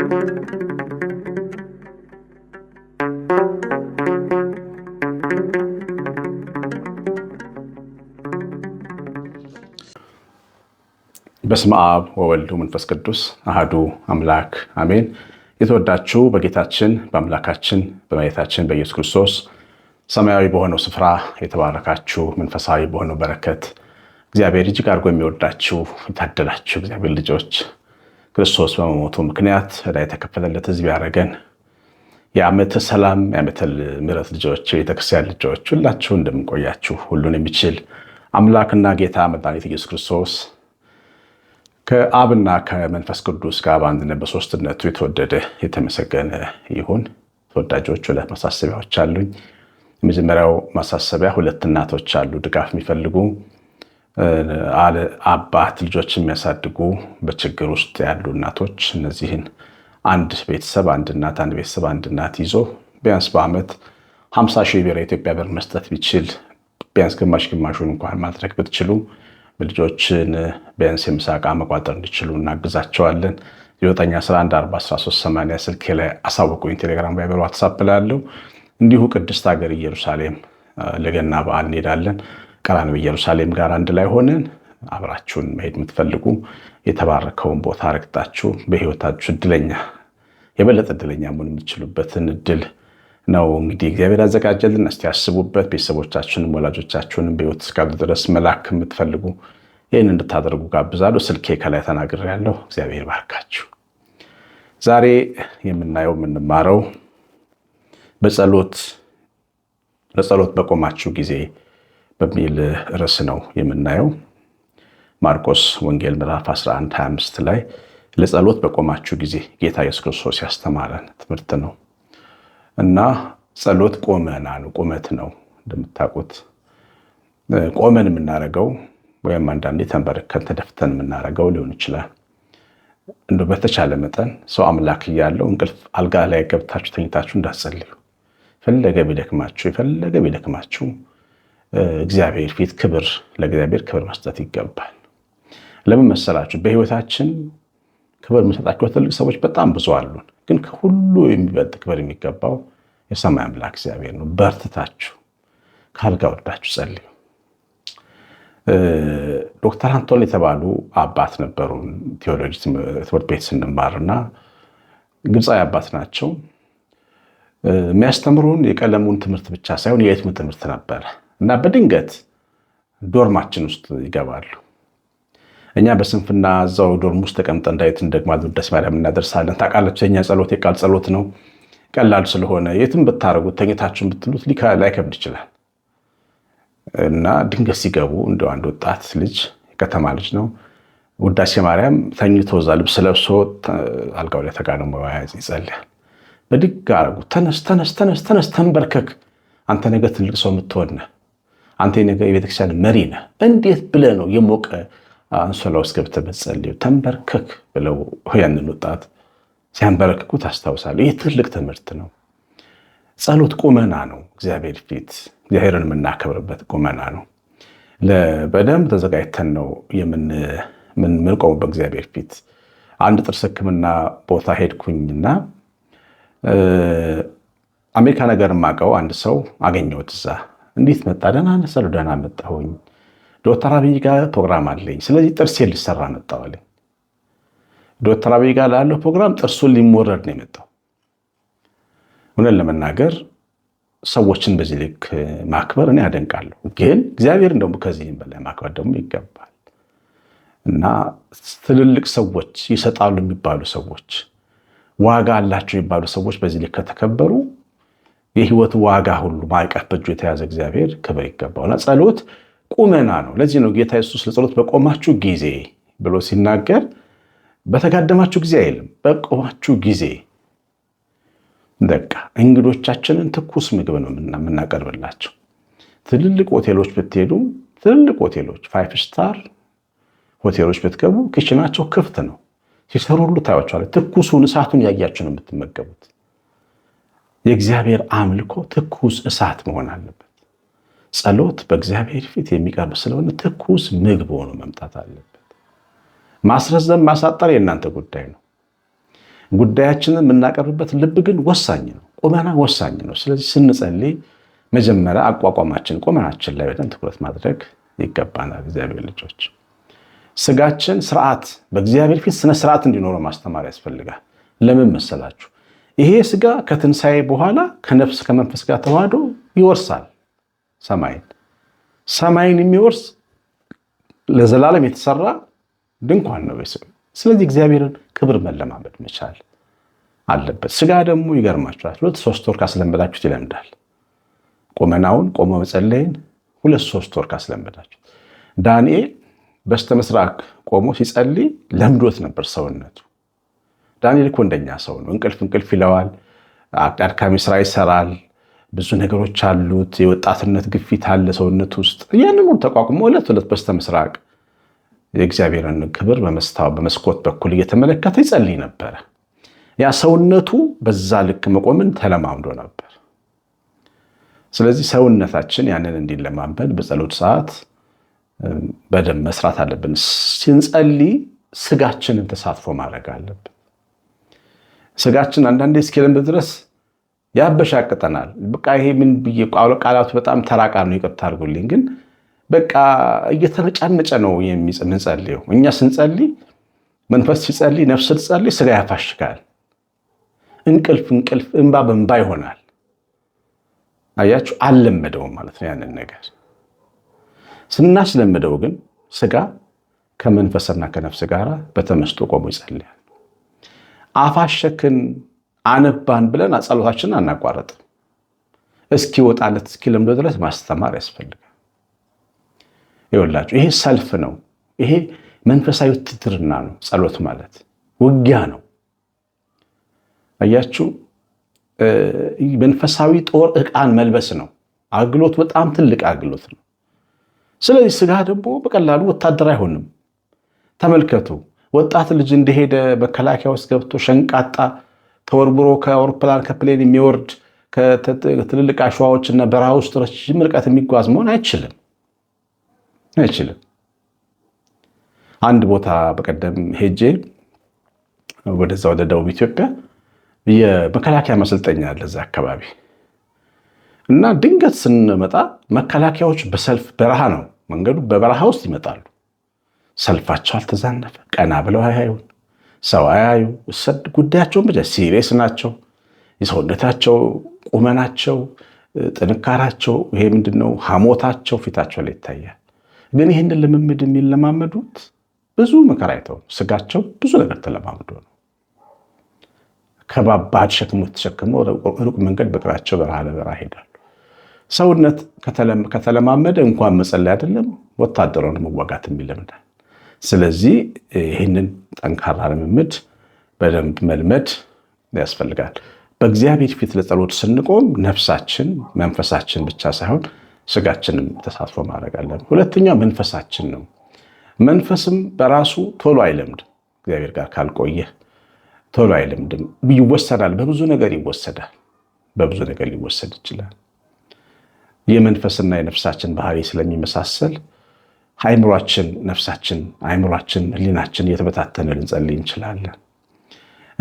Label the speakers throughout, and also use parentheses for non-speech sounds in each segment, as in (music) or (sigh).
Speaker 1: በስመ አብ ወወልድ መንፈስ ቅዱስ አህዱ አምላክ አሜን። የተወዳችሁ በጌታችን በአምላካችን በመሬታችን በኢየሱስ ክርስቶስ ሰማያዊ በሆነው ስፍራ የተባረካችሁ መንፈሳዊ በሆነው በረከት እግዚአብሔር እጅግ አድርጎ የሚወዳችሁ የታደላችሁ እግዚአብሔር ልጆች ክርስቶስ በመሞቱ ምክንያት ዕዳ የተከፈለለት ሕዝብ ያደረገን የዓመተ ሰላም የዓመተ ምሕረት ልጆች፣ የቤተክርስቲያን ልጆች ሁላችሁ እንደምንቆያችሁ ሁሉን የሚችል አምላክና ጌታ መድኃኒት ኢየሱስ ክርስቶስ ከአብና ከመንፈስ ቅዱስ ጋር በአንድነት በሶስትነቱ የተወደደ የተመሰገነ ይሁን። ተወዳጆች ሁለት ማሳሰቢያዎች አሉኝ። የመጀመሪያው ማሳሰቢያ ሁለት እናቶች አሉ ድጋፍ የሚፈልጉ አባት ልጆች የሚያሳድጉ በችግር ውስጥ ያሉ እናቶች እነዚህን አንድ ቤተሰብ አንድ እናት አንድ ቤተሰብ አንድ እናት ይዞ ቢያንስ በዓመት 50 ሺህ ብር የኢትዮጵያ ብር መስጠት ቢችል ቢያንስ ግማሽ ግማሹን እንኳን ማድረግ ብትችሉ ልጆችን ቢያንስ የምሳ ዕቃ መቋጠር እንዲችሉ እናግዛቸዋለን። 9114138 ስልኬ ላይ አሳውቁኝ። ቴሌግራም፣ ቫይበር፣ ዋትሳፕ ላለው እንዲሁ ቅድስት ሀገር ኢየሩሳሌም ለገና በዓል እንሄዳለን። ቀራንዮ ኢየሩሳሌም ጋር አንድ ላይ ሆነን አብራችሁን መሄድ የምትፈልጉ የተባረከውን ቦታ ረግጣችሁ በህይወታችሁ እድለኛ የበለጠ እድለኛ መሆን የምትችሉበትን እድል ነው እንግዲህ እግዚአብሔር ያዘጋጀልን። እስቲ ያስቡበት። ቤተሰቦቻችሁንም ወላጆቻችሁንም በህይወት እስካሉ ድረስ መላክ የምትፈልጉ ይህን እንድታደርጉ ጋብዛለሁ። ስልኬ ከላይ ተናግሬያለሁ። እግዚአብሔር ባርካችሁ። ዛሬ የምናየው የምንማረው በጸሎት ለጸሎት በቆማችሁ ጊዜ በሚል ርዕስ ነው የምናየው። ማርቆስ ወንጌል ምዕራፍ 11 25 ላይ ለጸሎት በቆማችሁ ጊዜ ጌታ ኢየሱስ ክርስቶስ ያስተማረን ትምህርት ነው እና ጸሎት ቆመና ነው ቁመት ነው እንደምታውቁት ቆመን የምናደርገው ወይም አንዳንዴ ተንበርከን ተደፍተን የምናደርገው ሊሆን ይችላል። እንደ በተቻለ መጠን ሰው አምላክ እያለው እንቅልፍ አልጋ ላይ ገብታችሁ ተኝታችሁ እንዳትጸልዩ። የፈለገ ቢደክማችሁ የፈለገ ቢደክማችሁ እግዚአብሔር ፊት ክብር ለእግዚአብሔር ክብር መስጠት ይገባል። ለምን መሰላችሁ? በህይወታችን ክብር የምንሰጣቸው ትልቅ ሰዎች በጣም ብዙ አሉን። ግን ከሁሉ የሚበልጥ ክብር የሚገባው የሰማይ አምላክ እግዚአብሔር ነው። በርትታችሁ ካልጋ ጸልዩ። ዶክተር አንቶን የተባሉ አባት ነበሩ። ቴዎሎጂ ትምህርት ቤት ስንማርና ግብፃዊ አባት ናቸው። የሚያስተምሩን የቀለሙን ትምህርት ብቻ ሳይሆን የህትም ትምህርት ነበረ። እና በድንገት ዶርማችን ውስጥ ይገባሉ። እኛ በስንፍና እዛው ዶርም ውስጥ ተቀምጠን ዳዊትን ደግሞ ደስ ማርያም እናደርሳለን። ታውቃላችሁ የእኛ ጸሎት የቃል ጸሎት ነው። ቀላል ስለሆነ የትም ብታደርጉት ተኝታችሁን ብትሉት ላይከብድ ይችላል እና ድንገት ሲገቡ እንደ አንድ ወጣት ልጅ የከተማ ልጅ ነው ውዳሴ ማርያም ተኝቶ እዛ ልብስ ለብሶ አልጋው ላይ ተጋድሞ መያዝ ይጸልያል። በድግ አረጉ ተነስ ተነስ ተነስ ተነስ ተንበርከክ፣ አንተ ነገ ትልቅ ሰው የምትሆን ነህ አንተ የነገ የቤተክርስቲያን መሪ ነህ። እንዴት ብለህ ነው የሞቀ አንሶላ ውስጥ ገብተህ በጸልዩ ተንበርከክ ብለው ያንን ወጣት ሲያንበረክኩ ታስታውሳለህ። ይህ ትልቅ ትምህርት ነው። ጸሎት ቁመና ነው። እግዚአብሔር ፊት እግዚአብሔርን የምናከብርበት ቁመና ነው። በደንብ ተዘጋጅተን ነው የምንቆመው በእግዚአብሔር ፊት። አንድ ጥርስ ሕክምና ቦታ ሄድኩኝና አሜሪካ ነገር የማውቀው አንድ ሰው አገኘሁት እዛ እንዴት መጣ? ደህና ነሰሉ ደህና መጣሁኝ፣ ዶክተር አብይ ጋር ፕሮግራም አለኝ፣ ስለዚህ ጥርሴን ሊሰራ መጣሁ አለኝ። ዶክተር አብይ ጋር ላለው ፕሮግራም ጥርሱን ሊሞረድ ነው የመጣው። እውነት ለመናገር ሰዎችን በዚህ ልክ ማክበር እኔ አደንቃለሁ፣ ግን እግዚአብሔር ደግሞ ከዚህም በላይ ማክበር ደግሞ ይገባል እና ትልልቅ ሰዎች ይሰጣሉ የሚባሉ ሰዎች ዋጋ አላቸው የሚባሉ ሰዎች በዚህ ልክ ከተከበሩ የህይወት ዋጋ ሁሉ ማዕቀፍ በእጁ የተያዘ እግዚአብሔር ክብር ይገባውና ጸሎት ቁመና ነው። ለዚህ ነው ጌታ ኢየሱስ ለጸሎት በቆማችሁ ጊዜ ብሎ ሲናገር በተጋደማችሁ ጊዜ አይልም፣ በቆማችሁ ጊዜ። በቃ እንግዶቻችንን ትኩስ ምግብ ነው የምናቀርብላቸው። ትልልቅ ሆቴሎች ብትሄዱ፣ ትልልቅ ሆቴሎች ፋይፍ ስታር ሆቴሎች ብትገቡ፣ ክችናቸው ክፍት ነው። ሲሰሩ ሁሉ ትኩሱን እሳቱን ያያችሁ ነው የምትመገቡት። የእግዚአብሔር አምልኮ ትኩስ እሳት መሆን አለበት። ጸሎት በእግዚአብሔር ፊት የሚቀርብ ስለሆነ ትኩስ ምግብ ሆኖ መምጣት አለበት። ማስረዘም ማሳጠር የእናንተ ጉዳይ ነው። ጉዳያችንን የምናቀርብበት ልብ ግን ወሳኝ ነው፣ ቁመና ወሳኝ ነው። ስለዚህ ስንጸልይ መጀመሪያ አቋቋማችን፣ ቁመናችን ላይ በጣም ትኩረት ማድረግ ይገባናል። እግዚአብሔር ልጆች ስጋችን ስርዓት በእግዚአብሔር ፊት ስነ ስርዓት እንዲኖረው ማስተማር ያስፈልጋል። ለምን መሰላችሁ? ይሄ ስጋ ከትንሣኤ በኋላ ከነፍስ ከመንፈስ ጋር ተዋህዶ ይወርሳል ሰማይን። ሰማይን የሚወርስ ለዘላለም የተሰራ ድንኳን ነው። ስለዚህ እግዚአብሔርን ክብር መለማመድ መቻል አለበት። ስጋ ደግሞ ይገርማችኋል፣ ሁለት ሶስት ወር ካስለመዳችሁት ይለምዳል። ቁመናውን ቆሞ መጸለይን ሁለት ሶስት ወር ካስለመዳችሁት። ዳንኤል በስተምስራቅ ቆሞ ሲጸልይ ለምዶት ነበር ሰውነቱ ዳንኤል እኮ እንደኛ ሰው ነው። እንቅልፍ እንቅልፍ ይለዋል። አድካሚ ስራ ይሰራል። ብዙ ነገሮች አሉት። የወጣትነት ግፊት አለ ሰውነት ውስጥ። ያንን ሁሉ ተቋቁሞ ሁለት ሁለት በስተ ምስራቅ የእግዚአብሔርን ክብር በመስታወት በመስኮት በኩል እየተመለከተ ይጸልይ ነበረ። ያ ሰውነቱ በዛ ልክ መቆምን ተለማምዶ ነበር። ስለዚህ ሰውነታችን ያንን እንዲለማመድ በጸሎት ሰዓት በደንብ መስራት አለብን። ስንጸልይ ስጋችንን ተሳትፎ ማድረግ አለብን። ስጋችን አንዳንዴ እስኪለምድ ድረስ ያበሻቅጠናል። በቃ ይሄ ምን ብዬ ቃላቱ በጣም ተራቃ ነው፣ ይቅርታ አድርጉልኝ። ግን በቃ እየተነጫነጨ ነው የምንጸልየው። እኛ ስንጸልይ መንፈስ ሲጸልይ፣ ነፍስ ስትጸልይ ስጋ ያፋሽጋል። እንቅልፍ እንቅልፍ እንባ በእንባ ይሆናል። አያችሁ፣ አልለመደውም ማለት ነው ያንን ነገር። ስናስለምደው ግን ስጋ ከመንፈስና ከነፍስ ጋር በተመስጦ ቆሞ ይጸልያል። አፋሸክን አነባን ብለን ጸሎታችንን አናቋረጥም። እስኪወጣለት እስኪለምደው ድረስ ማስተማር ያስፈልጋል። ይወላችሁ ይሄ ሰልፍ ነው። ይሄ መንፈሳዊ ውትድርና ነው። ጸሎት ማለት ውጊያ ነው። አያችሁ፣ መንፈሳዊ ጦር ዕቃን መልበስ ነው። አግሎት በጣም ትልቅ አግሎት ነው። ስለዚህ ስጋ ደግሞ በቀላሉ ወታደር አይሆንም። ተመልከቱ ወጣት ልጅ እንደሄደ መከላከያ ውስጥ ገብቶ ሸንቃጣ ተወርብሮ ከአውሮፕላን ከፕሌን የሚወርድ ከትልልቅ አሸዋዎችና በረሃ ውስጥ ረጅም ርቀት የሚጓዝ መሆን አይችልም አይችልም። አንድ ቦታ በቀደም ሄጄ ወደዛ ወደ ደቡብ ኢትዮጵያ የመከላከያ መሰልጠኛ አለ እዛ አካባቢ እና ድንገት ስንመጣ መከላከያዎች በሰልፍ በረሃ ነው መንገዱ፣ በበረሃ ውስጥ ይመጣሉ ሰልፋቸው አልተዛነፈ። ቀና ብለው አያዩን፣ ሰው አያዩ፣ ጉዳያቸውን ብቻ ሲሪየስ ናቸው። የሰውነታቸው ቁመናቸው፣ ጥንካራቸው ይሄ ምንድነው ሐሞታቸው ፊታቸው ላይ ይታያል። ግን ይህንን ልምምድ የሚለማመዱት ብዙ መከራ አይተው ስጋቸው ብዙ ነገር ተለማምዶ ነው። ከባባድ ሸክሞች ተሸክሞ ሩቅ መንገድ በእግራቸው በረሃ ለበረሃ ይሄዳሉ። ሰውነት ከተለማመደ እንኳን መጸለይ አይደለም ወታደሮን መዋጋት የሚለምዳል። ስለዚህ ይህንን ጠንካራ ልምምድ በደንብ መልመድ ያስፈልጋል። በእግዚአብሔር ፊት ለጸሎት ስንቆም ነፍሳችን መንፈሳችን ብቻ ሳይሆን ስጋችንም ተሳትፎ ማድረግ አለን። ሁለተኛው መንፈሳችን ነው። መንፈስም በራሱ ቶሎ አይለምድም። እግዚአብሔር ጋር ካልቆየ ቶሎ አይለምድም። ይወሰዳል፣ በብዙ ነገር ይወሰዳል፣ በብዙ ነገር ሊወሰድ ይችላል። የመንፈስና የነፍሳችን ባህሪ ስለሚመሳሰል አእምሯችን፣ ነፍሳችን፣ አእምሯችን፣ ህሊናችን እየተበታተነ ልንጸልይ እንችላለን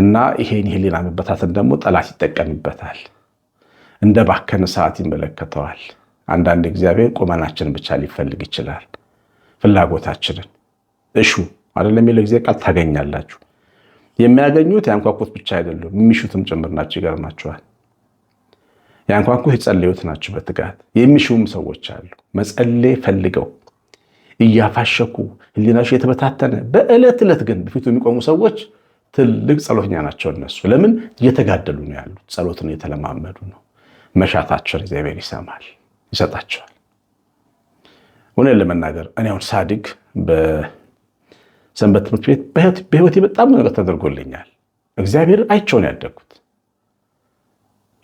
Speaker 1: እና ይሄን የህሊና መበታተን ደግሞ ጠላት ይጠቀምበታል። እንደ ባከነ ሰዓት ይመለከተዋል። አንዳንድ እግዚአብሔር ቁመናችንን ብቻ ሊፈልግ ይችላል። ፍላጎታችንን እሹ አይደለም የሚለው ጊዜ ቃል ታገኛላችሁ። የሚያገኙት ያንኳኩት ብቻ አይደሉም፣ የሚሹትም ጭምር ናቸው። ይገርማቸዋል። ያንኳኩት የጸለዩት ናቸው በትጋት የሚሹም ሰዎች አሉ መጸሌ ፈልገው እያፋሸኩ ህሊናቸው የተበታተነ በዕለት ዕለት ግን በፊቱ የሚቆሙ ሰዎች ትልቅ ጸሎተኛ ናቸው። እነሱ ለምን እየተጋደሉ ነው ያሉት? ጸሎትን እየተለማመዱ ነው። መሻታቸውን እግዚአብሔር ይሰማል፣ ይሰጣቸዋል። እውነት ለመናገር እኔ አሁን ሳድግ በሰንበት ትምህርት ቤት በህይወቴ በጣም ነገር ተደርጎልኛል። እግዚአብሔር አይቸውን ያደግኩት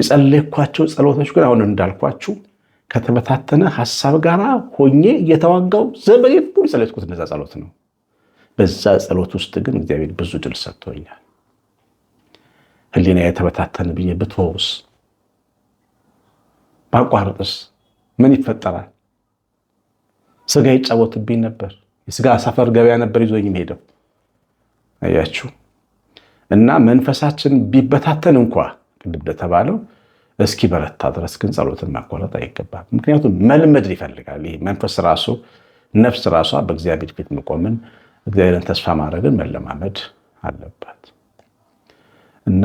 Speaker 1: የጸለይኳቸው ጸሎቶች ግን አሁን እንዳልኳችሁ ከተበታተነ ሀሳብ ጋር ሆኜ እየተዋጋው ዘመኔን ሁሉ የጸለይኩት እንደዛ ጸሎት ነው። በዛ ጸሎት ውስጥ ግን እግዚአብሔር ብዙ ድል ሰጥቶኛል። ህሊና የተበታተነ ብዬ ብትወውስ ባቋርጥስ ምን ይፈጠራል? ስጋ ይጫወትብኝ ነበር። የስጋ ሰፈር ገበያ ነበር ይዞኝ ሄደው። አያችሁ እና መንፈሳችን ቢበታተን እንኳ ቅድም እንደተባለው እስኪ በረታ ድረስ ግን ጸሎትን ማቋረጥ አይገባም። ምክንያቱም መልመድ ይፈልጋል። ይህ መንፈስ ራሱ ነፍስ ራሷ በእግዚአብሔር ፊት መቆምን እግዚአብሔርን ተስፋ ማድረግን መለማመድ አለባት እና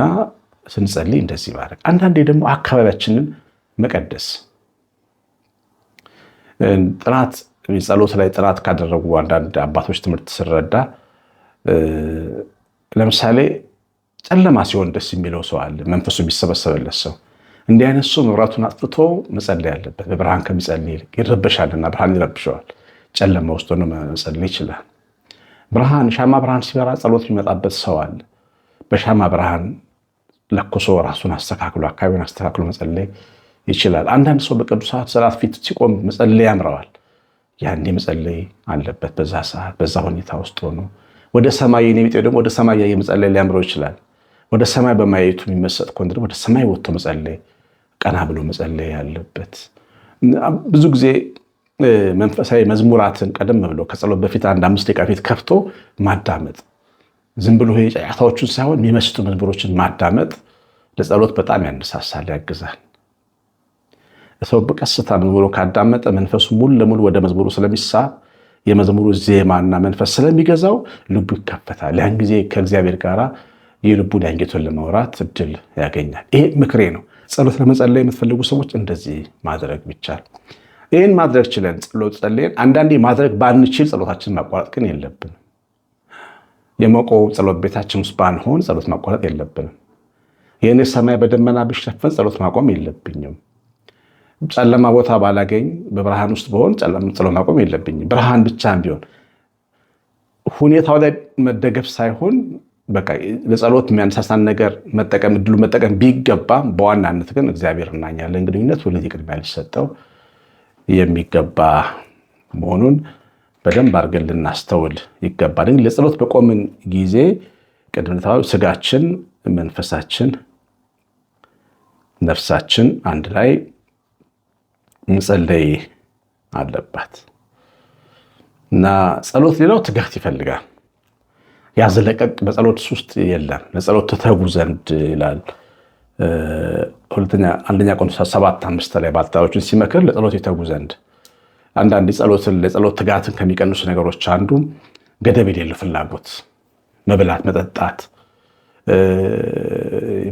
Speaker 1: ስንጸልይ እንደዚህ ማድረግ። አንዳንዴ ደግሞ አካባቢያችንን መቀደስ ጥናት ጸሎት ላይ ጥናት ካደረጉ አንዳንድ አባቶች ትምህርት ስረዳ ለምሳሌ ጨለማ ሲሆን ደስ የሚለው ሰው አለ። መንፈሱ የሚሰበሰበለት ሰው እንዲህ አይነት ሰው መብራቱን አጥፍቶ መጸለይ ያለበት። በብርሃን ከሚጸልይ ይልቅ ይረበሻልና፣ ብርሃን ይረብሸዋል። ጨለማ ውስጥ ሆኖ መጸለይ ይችላል። ብርሃን ሻማ ብርሃን ሲበራ ጸሎት የሚመጣበት ሰው አለ። በሻማ ብርሃን ለኩሶ ራሱን አስተካክሎ አካባቢውን አስተካክሎ መጸለይ ይችላል። አንዳንድ ሰው በቅዱሳት ስርዓት ፊት ሲቆም መጸለይ ያምረዋል። ያንዴ መጸለይ አለበት። በዛ ሰዓት በዛ ሁኔታ ውስጥ ሆኖ ወደ ሰማይ የሚጤው ደግሞ ወደ ሰማይ ያየ መጸለይ ሊያምረው ይችላል። ወደ ሰማይ በማየቱ የሚመሰጥ ከሆነ ወደ ሰማይ ወጥቶ መጸለይ ቀና ብሎ መጸለይ ያለበት። ብዙ ጊዜ መንፈሳዊ መዝሙራትን ቀደም ብሎ ከጸሎት በፊት አንድ አምስት ደቂቃ ፊት ከፍቶ ማዳመጥ፣ ዝም ብሎ ጫጫታዎቹን ሳይሆን የሚመስጡ መዝሙሮችን ማዳመጥ ለጸሎት በጣም ያነሳሳል፣ ያግዛል። ሰው በቀስታ መዝሙሮ ካዳመጠ መንፈሱ ሙሉ ለሙሉ ወደ መዝሙሩ ስለሚሳብ የመዝሙሩ ዜማና መንፈስ ስለሚገዛው ልቡ ይከፈታል። ያን ጊዜ ከእግዚአብሔር ጋር የልቡን ያንጌቱን ለመውራት እድል ያገኛል። ይሄ ምክሬ ነው። ጸሎት ለመጸለይ የምትፈልጉ ሰዎች እንደዚህ ማድረግ ቢቻል ይህን ማድረግ ችለን ጸሎት ጸልየን፣ አንዳንዴ ማድረግ ባንችል ጸሎታችን ማቋረጥ ግን የለብንም። የመቆ ጸሎት ቤታችን ውስጥ ባንሆን ጸሎት ማቋረጥ የለብንም። የእኔ ሰማይ በደመና ብሸፈን ጸሎት ማቆም የለብኝም። ጨለማ ቦታ ባላገኝ በብርሃን ውስጥ በሆን ጸሎት ማቆም የለብኝም። ብርሃን ብቻ ቢሆን ሁኔታው ላይ መደገፍ ሳይሆን በቃ ለጸሎት የሚያነሳሳን ነገር መጠቀም እድሉ መጠቀም ቢገባም በዋናነት ግን እግዚአብሔር እና ግንኙነት ሁልጊዜ ቅድሚያ ሊሰጠው የሚገባ መሆኑን በደንብ አድርገን ልናስተውል ይገባል። እንግዲህ ለጸሎት በቆምን ጊዜ ቅድም ስጋችን፣ መንፈሳችን፣ ነፍሳችን አንድ ላይ መጸለይ አለባት እና ጸሎት ሌላው ትጋት ይፈልጋል። ያዝለቀቅ በጸሎት ውስጥ የለም። ለጸሎት ትተጉ ዘንድ ይላል። አንደኛ ቆሮንቶስ ሰባት አምስት ላይ ባልታዎችን ሲመክር ለጸሎት የተጉ ዘንድ። አንዳንድ ጸሎትን ለጸሎት ትጋትን ከሚቀንሱ ነገሮች አንዱ ገደብ የሌለው ፍላጎት፣ መብላት፣ መጠጣት፣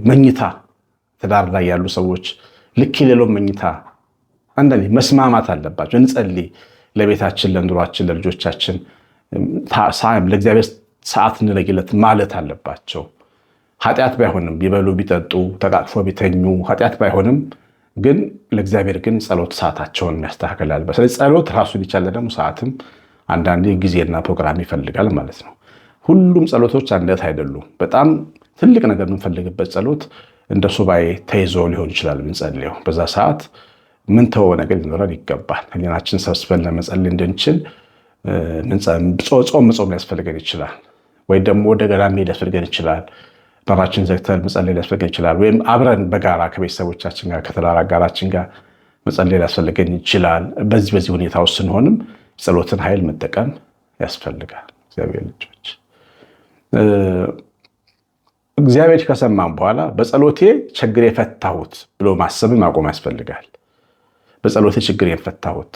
Speaker 1: መኝታ። ትዳር ላይ ያሉ ሰዎች ልክ የሌለው መኝታ። አንዳንዴ መስማማት አለባቸው። እንጸልይ፣ ለቤታችን፣ ለኑሯችን፣ ለልጆቻችን ለእግዚአብሔር ሰዓት እንለይለት ማለት አለባቸው። ኃጢአት ባይሆንም ቢበሉ ቢጠጡ ተቃቅፎ ቢተኙ ኃጢአት ባይሆንም ግን ለእግዚአብሔር ግን ጸሎት ሰዓታቸውን ያስተካክላል። በተለይ ጸሎት ራሱን የቻለ ደግሞ ሰዓትም አንዳንዴ ጊዜና ፕሮግራም ይፈልጋል ማለት ነው። ሁሉም ጸሎቶች አንደት አይደሉም። በጣም ትልቅ ነገር የምንፈልግበት ጸሎት እንደ ሱባኤ ተይዞ ሊሆን ይችላል ምንጸልየው። በዛ ሰዓት ምን ተወ ነገር ሊኖረን ይገባል። ህሊናችን ሰብስበን ለመጸል እንድንችል ጾም መጾም ሊያስፈልገን ይችላል። ወይም ደግሞ ወደ ገና መሄድ ያስፈልገን ይችላል። በራችን ዘግተን መጸለይ ሊያስፈልገን ይችላል። ወይም አብረን በጋራ ከቤተሰቦቻችን ጋር ከተዳር አጋራችን ጋር መጸለይ ሊያስፈልገን ይችላል። በዚህ በዚህ ሁኔታ ውስጥ ስንሆንም ጸሎትን ኃይል መጠቀም ያስፈልጋል። እግዚአብሔር ልጆች እግዚአብሔር ከሰማም በኋላ በጸሎቴ ችግሬ ፈታሁት ብሎ ማሰብን ማቆም ያስፈልጋል። በጸሎቴ ችግር ፈታሁት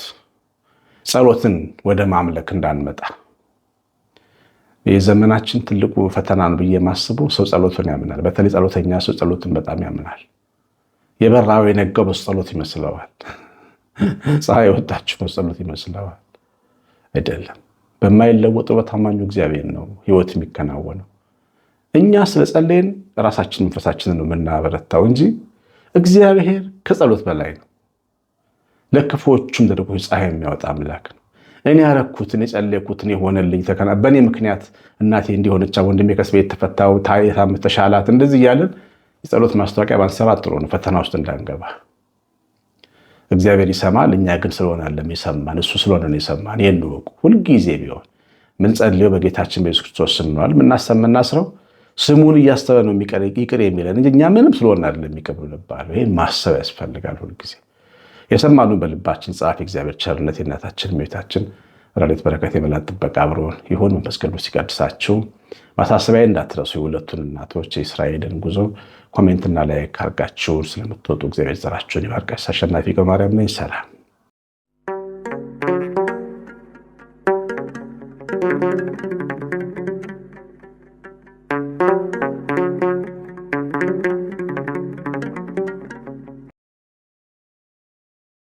Speaker 1: ጸሎትን ወደ ማምለክ እንዳንመጣ የዘመናችን ትልቁ ፈተና ነው ብዬ የማስበው ሰው ጸሎቱን ያምናል። በተለይ ጸሎተኛ ሰው ጸሎትን በጣም ያምናል። የበራው የነጋው በሱ ጸሎት ይመስለዋል። (laughs) ፀሐይ የወጣችው በሱ ጸሎት ይመስለዋል። አይደለም። በማይለወጠው በታማኙ እግዚአብሔር ነው ህይወት የሚከናወነው። እኛ ስለ ጸለይን ራሳችን መንፈሳችንን ነው የምናበረታው እንጂ እግዚአብሔር ከጸሎት በላይ ነው። ለክፉዎቹም ተደርጎ ፀሐይ የሚያወጣ አምላክ ነው። እኔ ያረኩት እኔ ጸለይኩት እኔ ሆነልኝ ተከና በእኔ ምክንያት እናቴ እንዲሆነቻ ወንድሜ ከስቤ የተፈታው ታየታም ተሻላት እንደዚህ እያለን የጸሎት ማስታወቂያ ባንሰራት ጥሩ ነው፣ ፈተና ውስጥ እንዳንገባ። እግዚአብሔር ይሰማል። እኛ ግን ስለሆነ አለም ይሰማን፣ እሱ ስለሆነ ይሰማን። ይህን ወቁ። ሁልጊዜ ቢሆን ምንጸልየው በጌታችን በኢየሱስ ክርስቶስ ስም ነዋል። ምናሰብ ምናስረው ስሙን እያስተበ ነው ይቅር የሚለን እንጂ እኛ ምንም ስለሆነ አለም የሚቀብልባለ። ይህን ማሰብ ያስፈልጋል ሁልጊዜ የሰማኑ በልባችን ጸሐፊ እግዚአብሔር ቸርነት የእናታችን እመቤታችን ረድኤት በረከት የመላን ጥበቃ አብሮን ይሁን። መንፈስ ቅዱስ ሲቀድሳችሁ ማሳሰቢያ እንዳትረሱ። የሁለቱን እናቶች የእስራኤልን ጉዞ ኮሜንትና ላይ ካርጋችሁን ስለምትወጡ እግዚአብሔር ዘራችሁን ይባርቀስ። አሸናፊ ገብረ ማርያም ነኝ። ሰላም